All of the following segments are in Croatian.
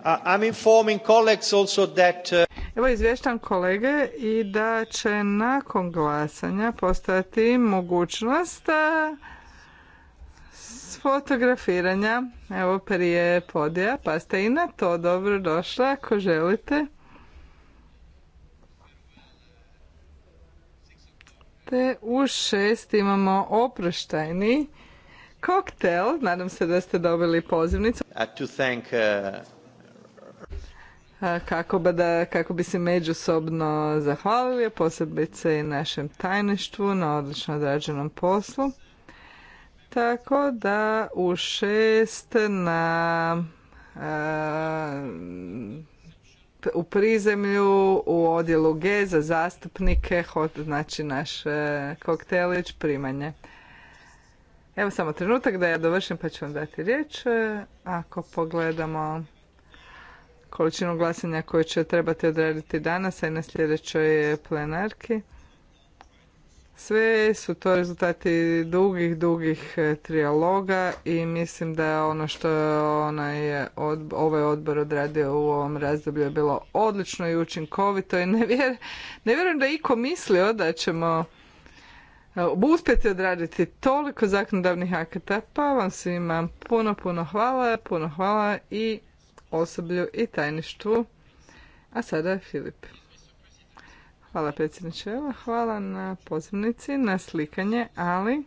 Uh, evo izvještam kolege i da će nakon glasanja postati mogućnost uh, fotografiranja evo prije podija pa ste i na to dobro ako želite. Te u šest imamo oproštajni koktel. Nadam se da ste dobili pozivnicu kako bi, da, kako bi se međusobno zahvalili, posebice i našem tajništvu na odlično odrađenom poslu. Tako da u šest na e, u prizemlju u odjelu G za zastupnike, hot, znači naš e, koktelić, primanje. Evo samo trenutak da ja dovršim pa ću vam dati riječ. E, ako pogledamo količinu glasanja koje će trebati odraditi danas, a i na sljedećoj plenarki. Sve su to rezultati dugih, dugih e, trijaloga i mislim da ono što je onaj ovaj odbor odradio u ovom razdoblju je bilo odlično i učinkovito i ne, ne vjerujem da je iko mislio da ćemo e, uspjeti odraditi toliko zakonodavnih akata, pa vam svima puno, puno hvala, puno hvala i osoblju i tajništvu. A sada je Filip. Hvala predsjedniče. Hvala na pozivnici, na slikanje, ali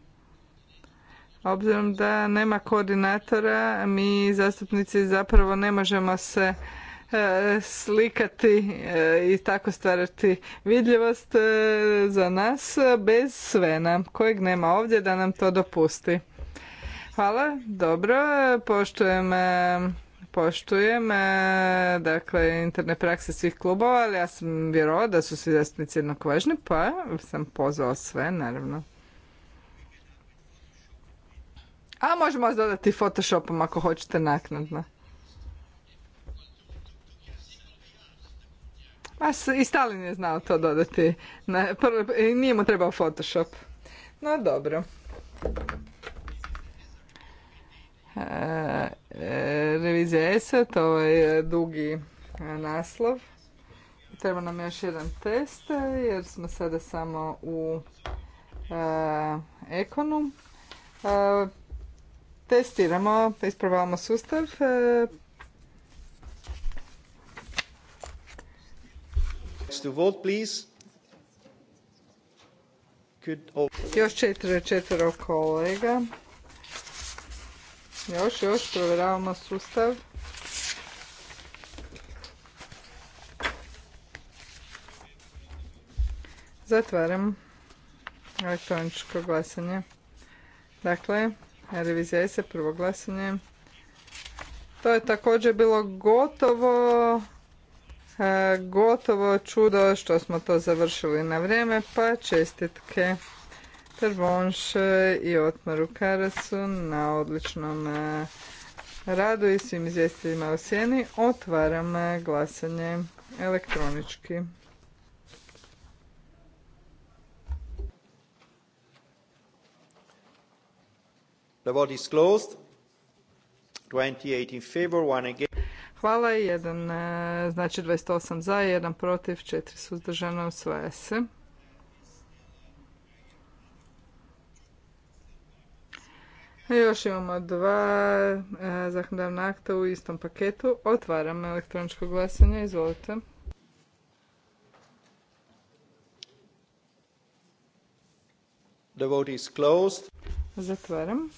obzirom da nema koordinatora, mi zastupnici zapravo ne možemo se e, slikati e, i tako stvarati vidljivost e, za nas bez Svena, kojeg nema ovdje da nam to dopusti. Hvala, dobro, poštujem poštujem e, dakle interne prakse svih klubova, ali ja sam vjerovao da su svi zastupnici jednako pa sam pozvao sve, naravno. A možemo vas dodati Photoshopom ako hoćete naknadno. i Stalin je znao to dodati. nije mu trebao Photoshop. No dobro. E, e, revizija ESA, to je ovaj, dugi e, naslov. Treba nam još jedan test jer smo sada samo u ekonu. Testiramo, ispravljamo sustav. To vote, please. Još četiri, četvero kolega. Još, još, provjeravamo sustav. Zatvaram elektroničko glasanje. Dakle, revizija se prvo glasanje. To je također bilo gotovo e, gotovo čudo što smo to završili na vrijeme, pa čestitke. Pervonše i Otmaru Karasu na odličnom e, radu i svim izvjestiteljima u sjeni. Otvaram e, glasanje elektronički. The vote is 28 in favor, one Hvala, jedan, e, znači 28 za, jedan protiv, četiri suzdržana, usvaja se. Još imamo dva e, zakonodavna akta u istom paketu. Otvaram elektroničko glasanje. Izvolite. The vote is closed. Zatvaram.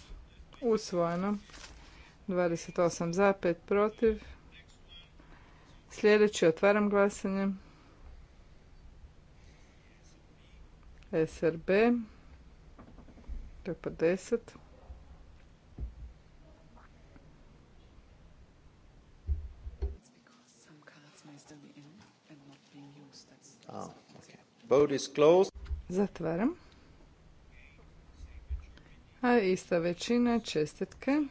Usvojeno. 28 za, 5 protiv. Sljedeći otvaram glasanje. SRB. To je po 10. Zatvaram. A ista većina, čestitke.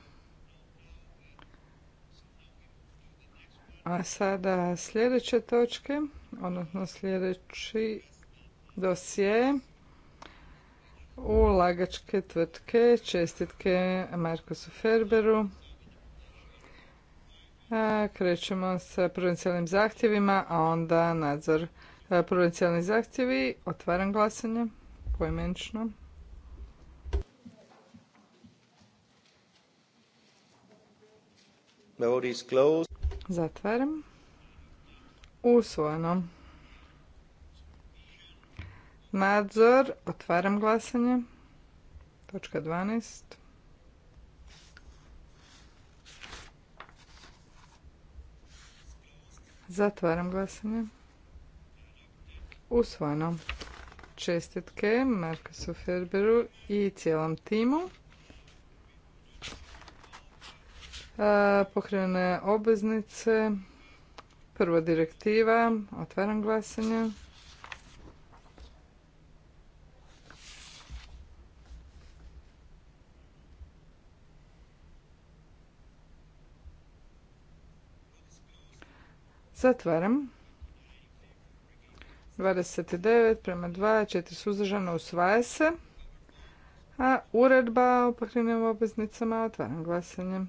A sada sljedeće točke, odnosno sljedeći dosje. Ulagačke tvrtke, čestitke Markusu Ferberu. krećemo sa prvenstvenim zahtjevima, a onda nadzor E, provincijalni zahtjevi, otvaram glasanje poimenično. Zatvaram. Usvojeno. Nadzor, otvaram glasanje. Točka 12. Zatvaram glasanje usvojeno. Čestitke Markusu Ferberu i cijelom timu. Pokrene obveznice. Prvo direktiva. Otvaram glasanje. Zatvaram. 29 prema 2, 4 suzdržano, usvaja se. A uredba o pokrivenim obveznicama otvaram glasanje.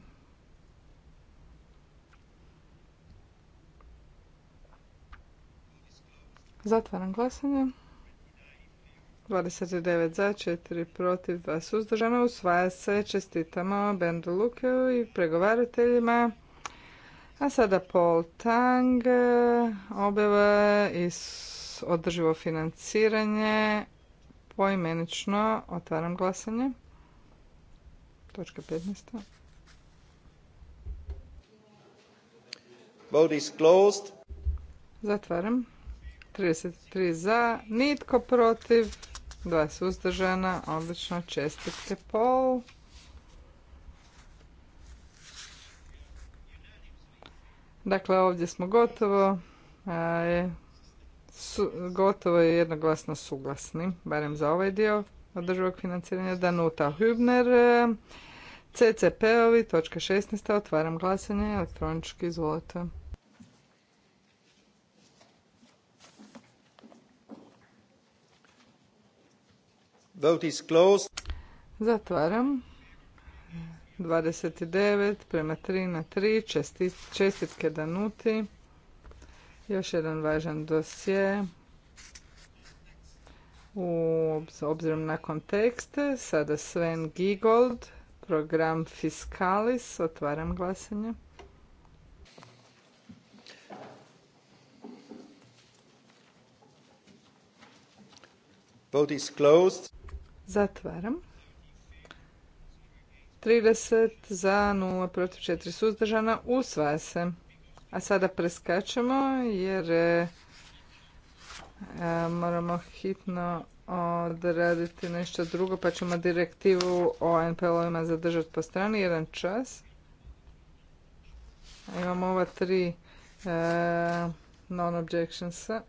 Zatvaram glasanje. 29 za, 4 protiv, 2 suzdržano. Usvaja se. Čestitamo Bendu Lukeu i pregovarateljima. A sada Paul Tang, objava iz održivo financiranje poimenično otvaram glasanje. Točka 15. Vote is closed. Zatvaram. 33 za, nitko protiv, dva suzdržana, odlično čestitke pol. Dakle, ovdje smo gotovo. je su, gotovo je jednoglasno suglasni, barem za ovaj dio održivog financiranja Danuta Hübner. E, CCP-ovi, točka 16. Otvaram glasanje, elektronički izvolite. Vote Zatvaram. 29 prema 3 na 3. Čestitke Danuti. Još jedan važan dosje u obzirom na kontekste. Sada Sven Gigold, program Fiskalis. Otvaram glasanje. Zatvaram. 30 za, 0 protiv 4 suzdržana. Usvaja se. A sada preskačemo jer e, moramo hitno odraditi nešto drugo pa ćemo direktivu o NPL-ovima zadržati po strani jedan čas. Imamo ova tri e, non-objectionsa.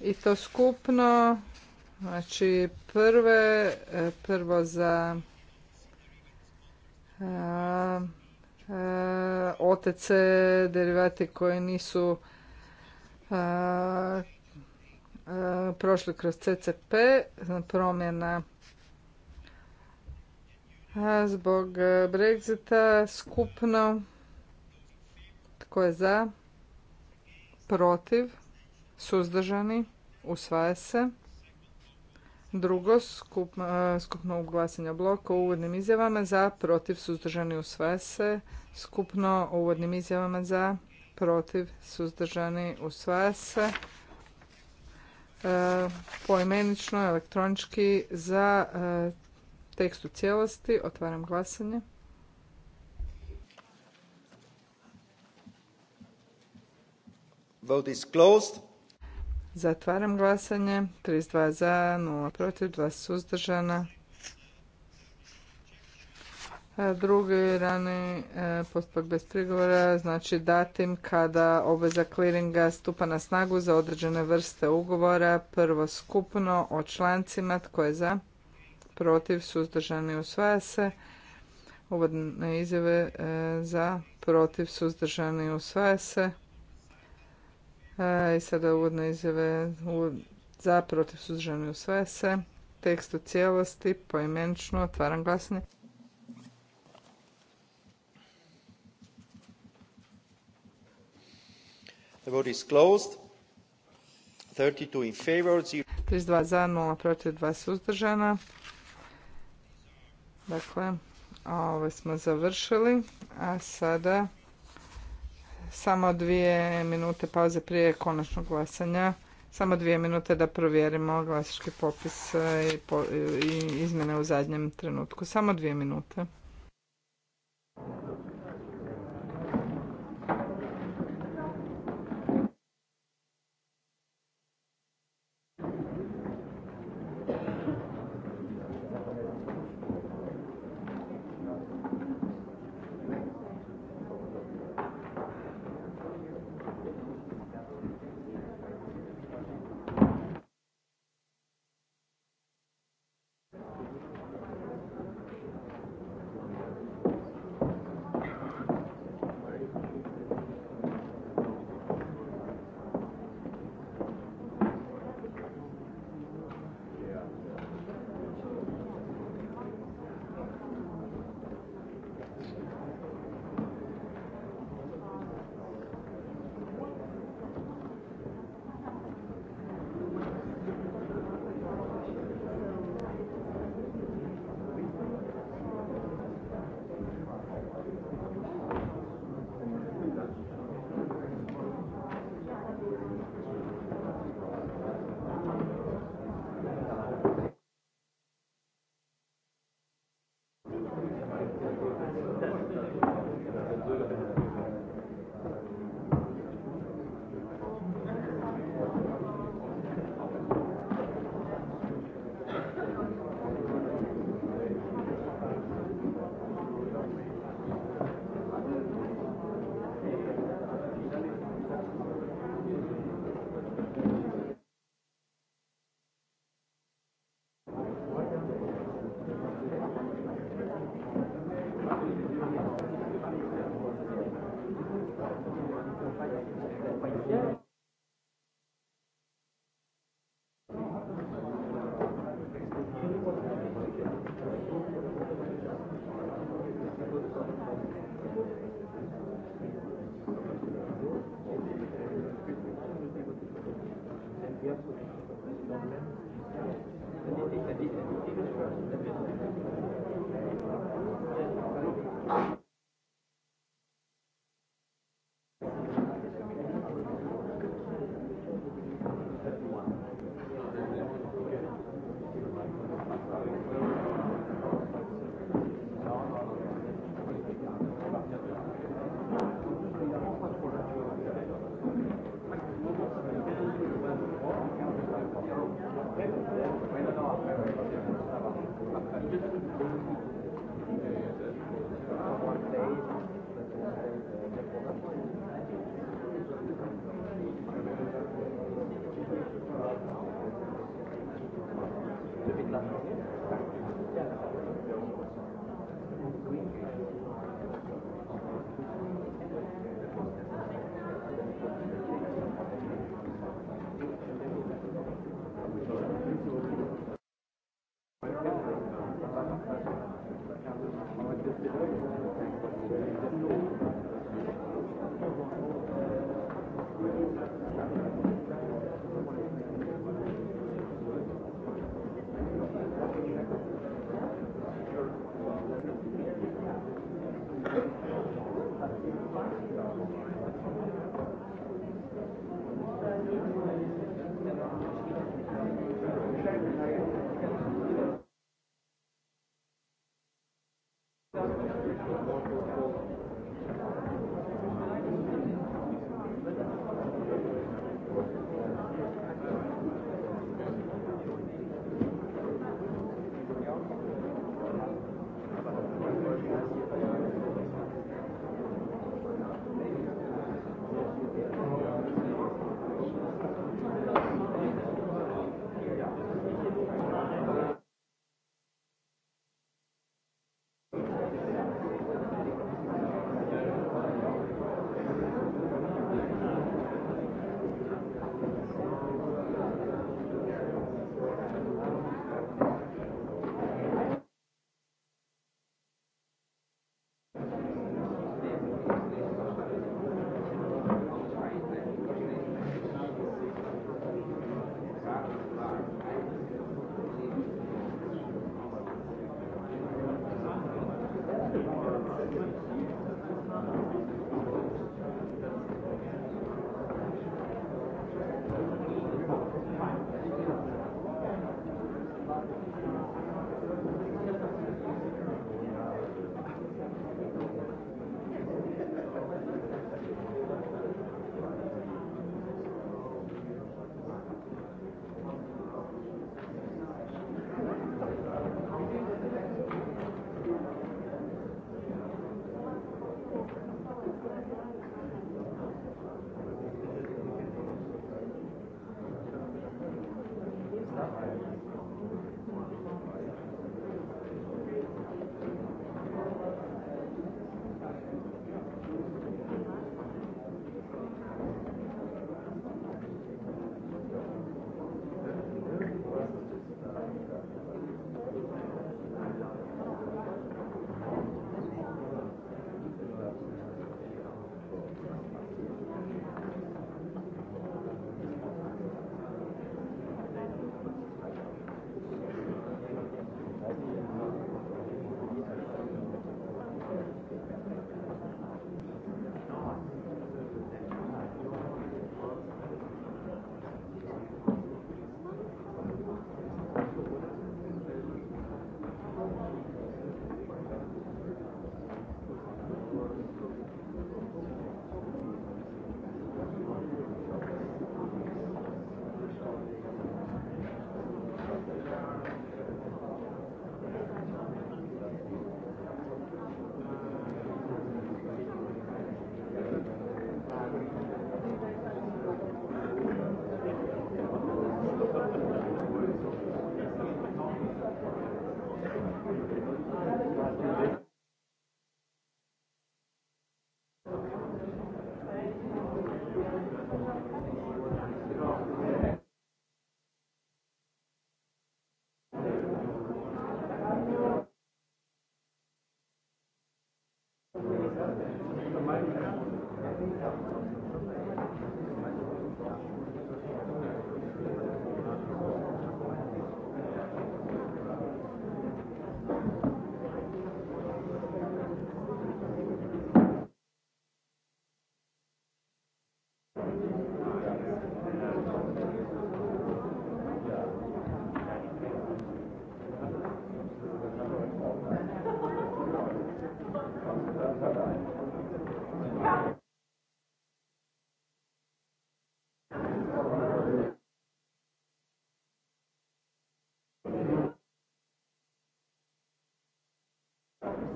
I to skupno, znači prve, e, prvo za E, OTC derivati koji nisu e, e, prošli kroz CCP, promjena zbog Brexita skupno tko je za, protiv, suzdržani, usvaja se. Drugo, skup, e, skupno uglasanje bloka o uvodnim izjavama za, protiv, suzdržani, usvaja se. Skupno uvodnim izjavama za, protiv, suzdržani, usvaja se. E, poimenično, elektronički za e, tekst u cijelosti. Otvaram glasanje. Vote is closed. Zatvaram glasanje. 32 za, 0 protiv, 2 suzdržana. Drugi rani e, postupak bez prigovora znači datim kada obveza kliringa stupa na snagu za određene vrste ugovora. Prvo skupno o člancima tko je za, protiv, suzdržani, usvaja se. Uvodne izjave e, za, protiv, suzdržani, usvaja se. E, I sada uvodne izjave za protiv suzdržani sve se. Tekst u cijelosti poimenično otvaram glasanje. 32 in favor, 32 za, 0 protiv, 2 suzdržana. Dakle, ovo ovaj smo završili, a sada samo dvije minute pauze prije konačnog glasanja. Samo dvije minute da provjerimo glasički popis e, i, izmjene u zadnjem trenutku. Samo dvije minute.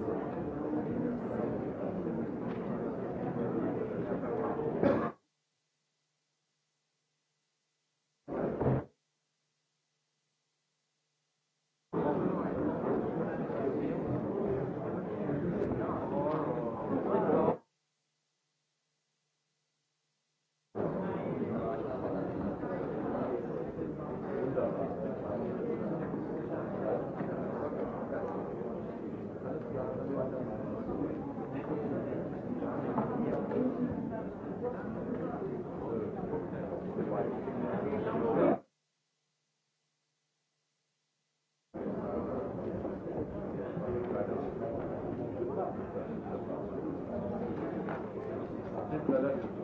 Hvala Hvala.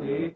Good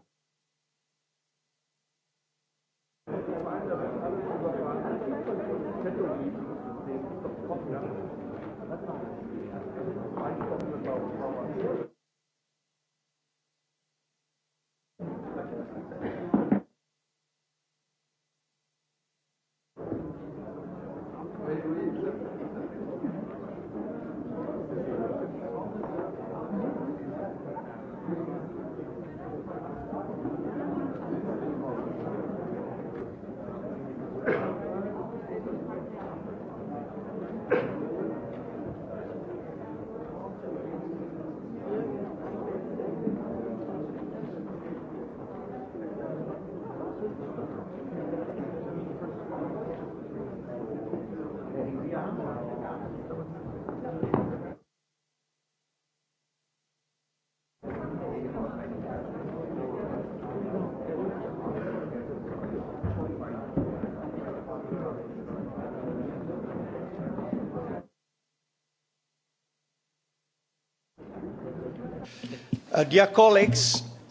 Uh,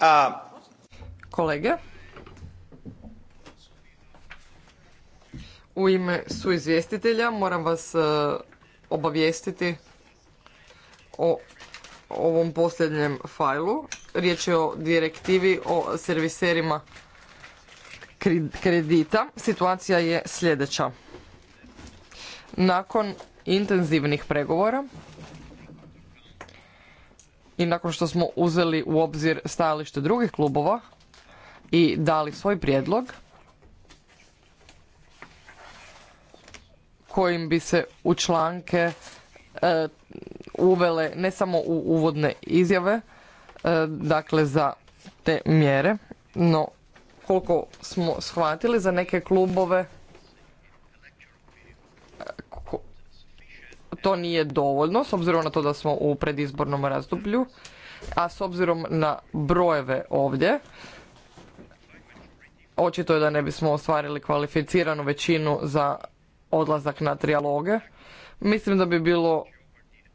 uh, Kolege, u ime izvjestitelja moram vas uh, obavijestiti o ovom posljednjem fajlu riječ je o direktivi o serviserima kredita. Situacija je sljedeća. Nakon intenzivnih pregovora i nakon što smo uzeli u obzir stajalište drugih klubova i dali svoj prijedlog kojim bi se u članke e, uvele ne samo u uvodne izjave E, dakle za te mjere, no koliko smo shvatili za neke klubove e, to nije dovoljno s obzirom na to da smo u predizbornom razdoblju, a s obzirom na brojeve ovdje očito je da ne bismo ostvarili kvalificiranu većinu za odlazak na trijaloge. Mislim da bi bilo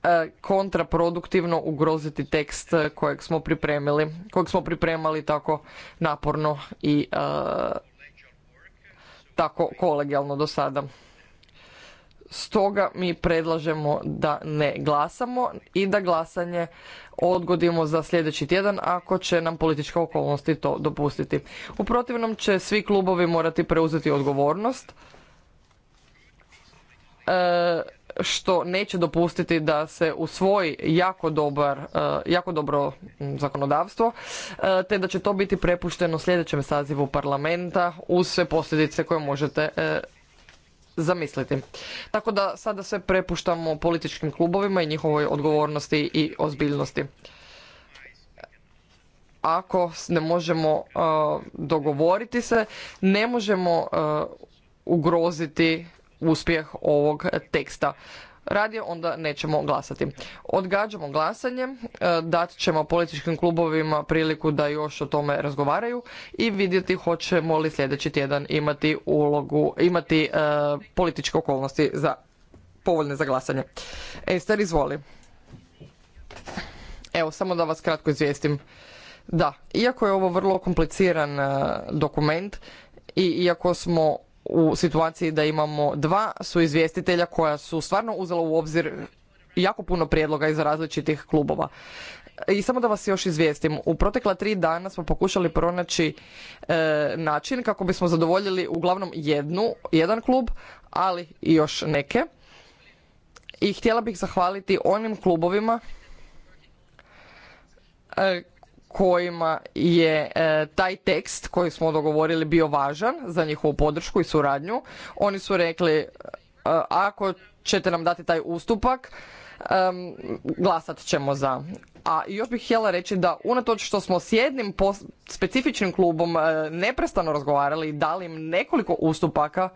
E, kontraproduktivno ugroziti tekst e, kojeg smo pripremili, kojeg smo pripremali tako naporno i e, tako kolegijalno do sada. Stoga mi predlažemo da ne glasamo i da glasanje odgodimo za sljedeći tjedan ako će nam političke okolnosti to dopustiti. U protivnom će svi klubovi morati preuzeti odgovornost što neće dopustiti da se usvoji jako, dobar, e, jako dobro zakonodavstvo, e, te da će to biti prepušteno sljedećem sazivu parlamenta uz sve posljedice koje možete e, zamisliti. Tako da sada sve prepuštamo političkim klubovima i njihovoj odgovornosti i ozbiljnosti. Ako ne možemo dogovoriti se, ne možemo ugroziti uspjeh ovog teksta. Radije onda nećemo glasati. Odgađamo glasanje, e, dat ćemo političkim klubovima priliku da još o tome razgovaraju i vidjeti hoćemo li sljedeći tjedan imati ulogu, imati e, političke okolnosti za povoljne za glasanje. Ester, izvoli. Evo, samo da vas kratko izvijestim. Da, iako je ovo vrlo kompliciran e, dokument i iako smo u situaciji da imamo dva su izvjestitelja koja su stvarno uzela u obzir jako puno prijedloga iz različitih klubova. I samo da vas još izvijestim, u protekla tri dana smo pokušali pronaći e, način kako bismo zadovoljili uglavnom jednu, jedan klub, ali i još neke. I htjela bih zahvaliti onim klubovima e, kojima je e, taj tekst koji smo dogovorili bio važan za njihovu podršku i suradnju. Oni su rekli e, ako ćete nam dati taj ustupak glasat ćemo za. A još bih htjela reći da unatoč što smo s jednim specifičnim klubom e, neprestano razgovarali i dali im nekoliko ustupaka,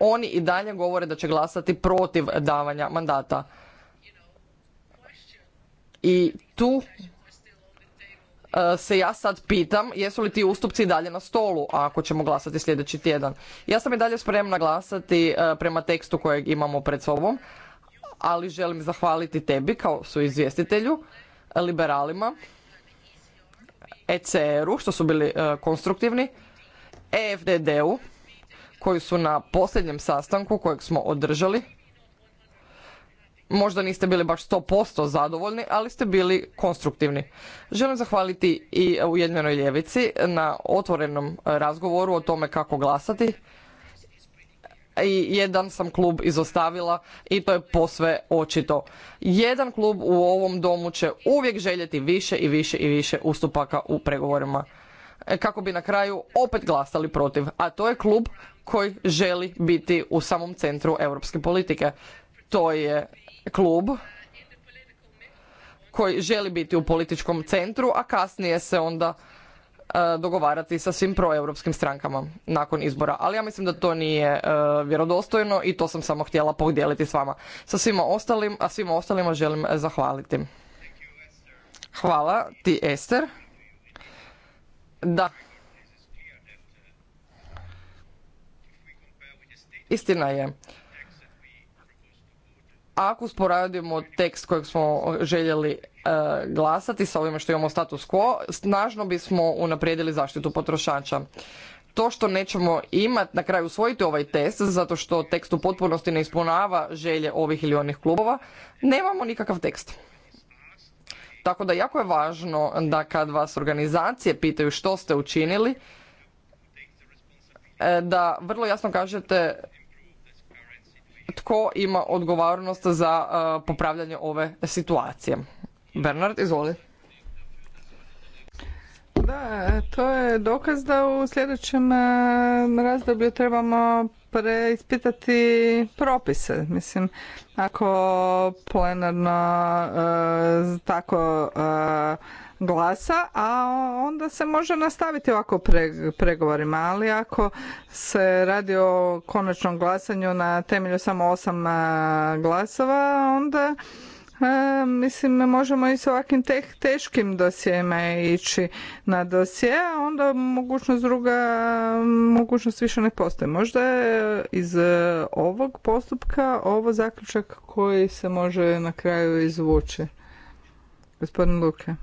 oni i dalje govore da će glasati protiv davanja mandata. I tu E, se ja sad pitam jesu li ti ustupci dalje na stolu ako ćemo glasati sljedeći tjedan. Ja sam i dalje spremna glasati e, prema tekstu kojeg imamo pred sobom, ali želim zahvaliti tebi kao su izvjestitelju, liberalima, ECR-u što su bili e, konstruktivni, EFDD-u koji su na posljednjem sastanku kojeg smo održali Možda niste bili baš 100% zadovoljni, ali ste bili konstruktivni. Želim zahvaliti i Ujedinjenoj ljevici na otvorenom e, razgovoru o tome kako glasati. I jedan sam klub izostavila i to je posve očito. Jedan klub u ovom domu će uvijek željeti više i više i više ustupaka u pregovorima e, kako bi na kraju opet glasali protiv, a to je klub koji želi biti u samom centru europske politike. To je klub koji želi biti u političkom centru, a kasnije se onda e, dogovarati sa svim proeuropskim strankama nakon izbora. Ali ja mislim da to nije e, vjerodostojno i to sam samo htjela podijeliti s vama. Sa svima ostalim, a svima ostalima želim zahvaliti. Hvala ti, Ester. Da. Istina je ako sporadimo tekst kojeg smo željeli e, glasati sa ovime što imamo status quo, snažno bismo unaprijedili zaštitu potrošača. To što nećemo imati na kraju usvojiti ovaj test, zato što tekst u potpunosti ne ispunava želje ovih ili onih klubova, nemamo nikakav tekst. Tako da jako je važno da kad vas organizacije pitaju što ste učinili, e, da vrlo jasno kažete tko ima odgovornost za uh, popravljanje ove situacije. Bernard, izvoli. Da, to je dokaz da u sljedećem uh, razdoblju trebamo preispitati propise. Mislim, ako plenarno uh, tako e, glasa, a onda se može nastaviti ovako pregovorima. Ali ako se radi o konačnom glasanju na temelju samo osam e, glasova, onda e, mislim, možemo i s ovakvim teškim dosijema ići na dosije, onda mogućnost druga, mogućnost više ne postoji. Možda je iz ovog postupka ovo zaključak koji se može na kraju izvući. Gospodin Luke.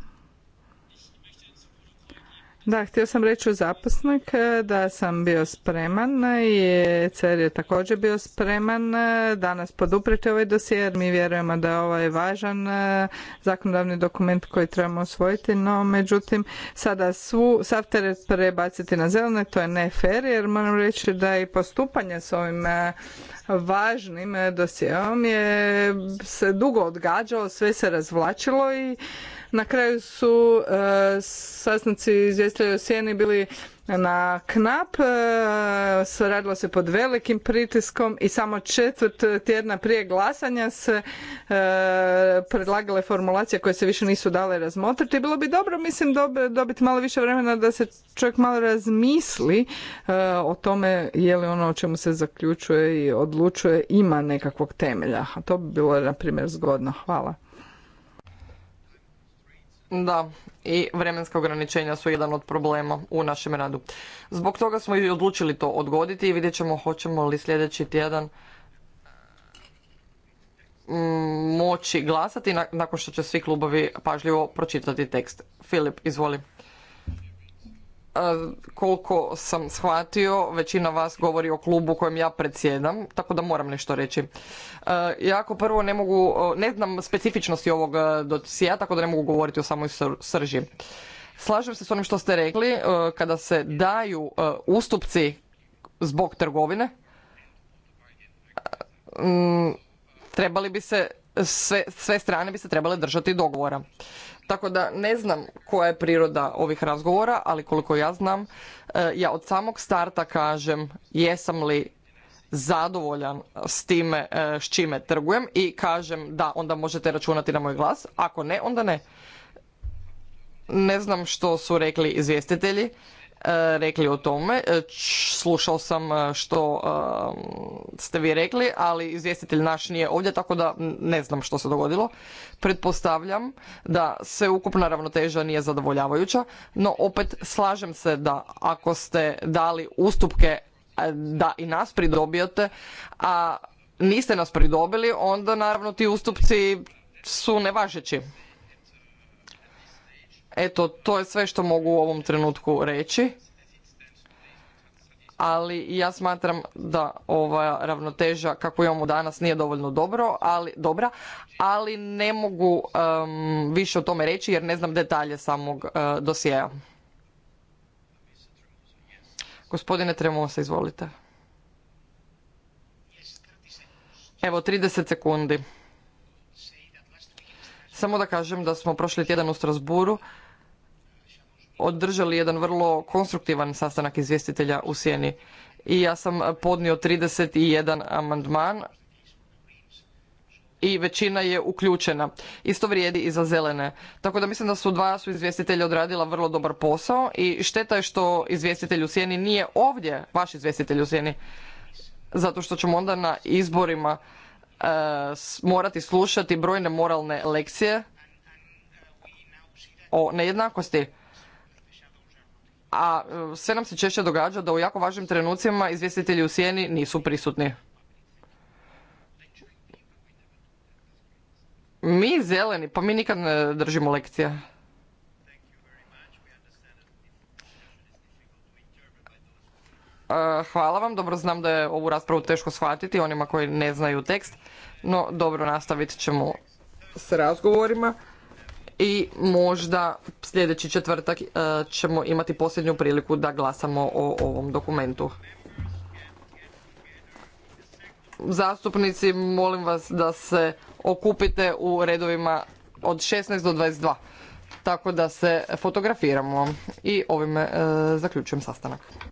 Da, htio sam reći u zapisnik e, da sam bio spreman i CER je također bio spreman e, danas poduprijeti ovaj dosjer mi vjerujemo da je ovaj važan e, zakonodavni dokument koji trebamo osvojiti, no međutim sada svu, sav teret prebaciti na zelene, to je ne fair jer moram reći da i postupanje s ovim važnim dosjeom je se dugo odgađao, sve se razvlačilo i na kraju su e, sastanci izvjestitelja sjeni bili na knap. E, radilo se pod velikim pritiskom i samo četvrt tjedna prije glasanja se e, predlagale formulacije koje se više nisu dale razmotriti. Bilo bi dobro, mislim, dobiti malo više vremena da se čovjek malo razmisli e, o tome je li ono o čemu se zaključuje i odlučuje ima nekakvog temelja. A to bi bilo, na primjer, zgodno. Hvala. Da, i vremenska ograničenja su jedan od problema u našem radu. Zbog toga smo i odlučili to odgoditi i vidjet ćemo hoćemo li sljedeći tjedan mm, moći glasati nakon što će svi klubovi pažljivo pročitati tekst. Filip, izvoli. E, koliko sam shvatio, većina vas govori o klubu kojem ja predsjedam, tako da moram nešto reći. E, ja ako prvo ne mogu, e, ne znam specifičnosti ovog dosija, tako da ne mogu govoriti o samoj srži. Slažem se s onim što ste rekli, kada se daju ustupci zbog trgovine, trebali bi se sve, sve strane bi se trebale držati dogovora. Tako da ne znam koja je priroda ovih razgovora, ali koliko ja znam, e, ja od samog starta kažem jesam li zadovoljan s time e, s čime trgujem i kažem da onda možete računati na moj glas, ako ne onda ne. Ne znam što su rekli izvjestitelji. E, rekli o tome. E, slušao sam e, što ste vi rekli, ali izvjestitelj naš nije ovdje, tako da ne znam što se dogodilo. Pretpostavljam da se ukupna ravnoteža nije zadovoljavajuća, no opet slažem se da ako ste dali ustupke da i nas pridobijete, a niste nas pridobili, onda naravno ti ustupci su nevažeći. Eto, to je sve što mogu u ovom trenutku reći. Ali ja smatram da ova ravnoteža kako imamo danas nije dovoljno dobro, ali, dobra, ali ne mogu više o tome reći jer ne znam detalje samog uh, e, dosjeja. Gospodine Tremosa, izvolite. Evo, 30 sekundi. Samo da kažem da smo prošli tjedan u Strasburu održali jedan vrlo konstruktivan sastanak izvjestitelja u Sjeni i ja sam podnio 31 amandman i većina je uključena. Isto vrijedi i za zelene. Tako da mislim da su dva su izvjestitelja odradila vrlo dobar posao i šteta je što izvjestitelj u sjeni nije ovdje, vaš izvjestitelj u sjeni, zato što ćemo onda na izborima morati slušati brojne moralne lekcije o nejednakosti. A e, sve nam se češće događa da u jako važnim trenucima izvjestitelji u sjeni nisu prisutni. Mi zeleni, pa mi nikad ne držimo lekcije. E, hvala vam, dobro znam da je ovu raspravu teško shvatiti onima koji ne znaju tekst, no dobro nastavit ćemo s razgovorima i možda sljedeći četvrtak e, ćemo imati posljednju priliku da glasamo o ovom dokumentu. Zastupnici, molim vas da se okupite u redovima od 16 do 22, tako da se fotografiramo i ovime e, zaključujem sastanak.